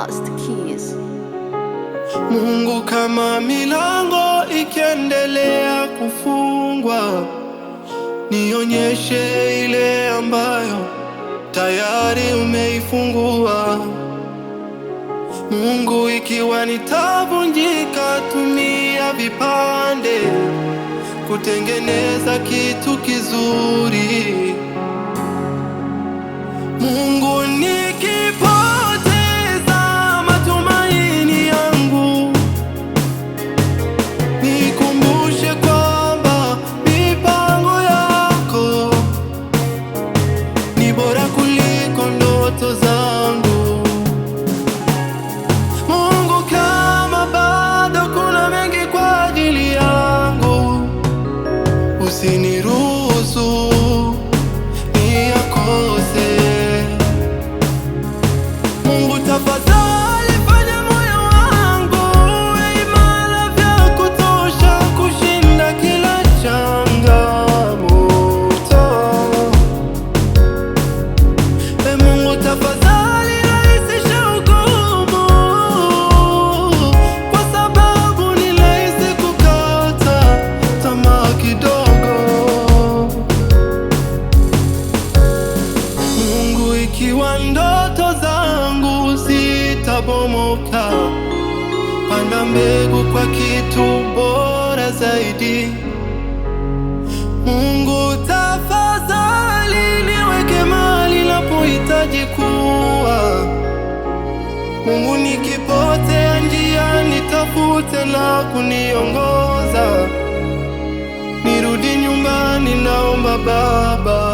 lost Keys. Mungu, kama milango ikiendelea kufungwa, nionyeshe ile ambayo tayari umeifungua. Mungu, ikiwa nitavunjika, tumia vipande kutengeneza kitu kizuri. ndoto zangu zitabomoka, panda mbegu kwa kitu bora zaidi. Mungu tafadhali, niweke mahali napohitaji kuwa. Mungu nikipotea njia, nitafute na kuniongoza. Nirudi nyumbani, naomba Baba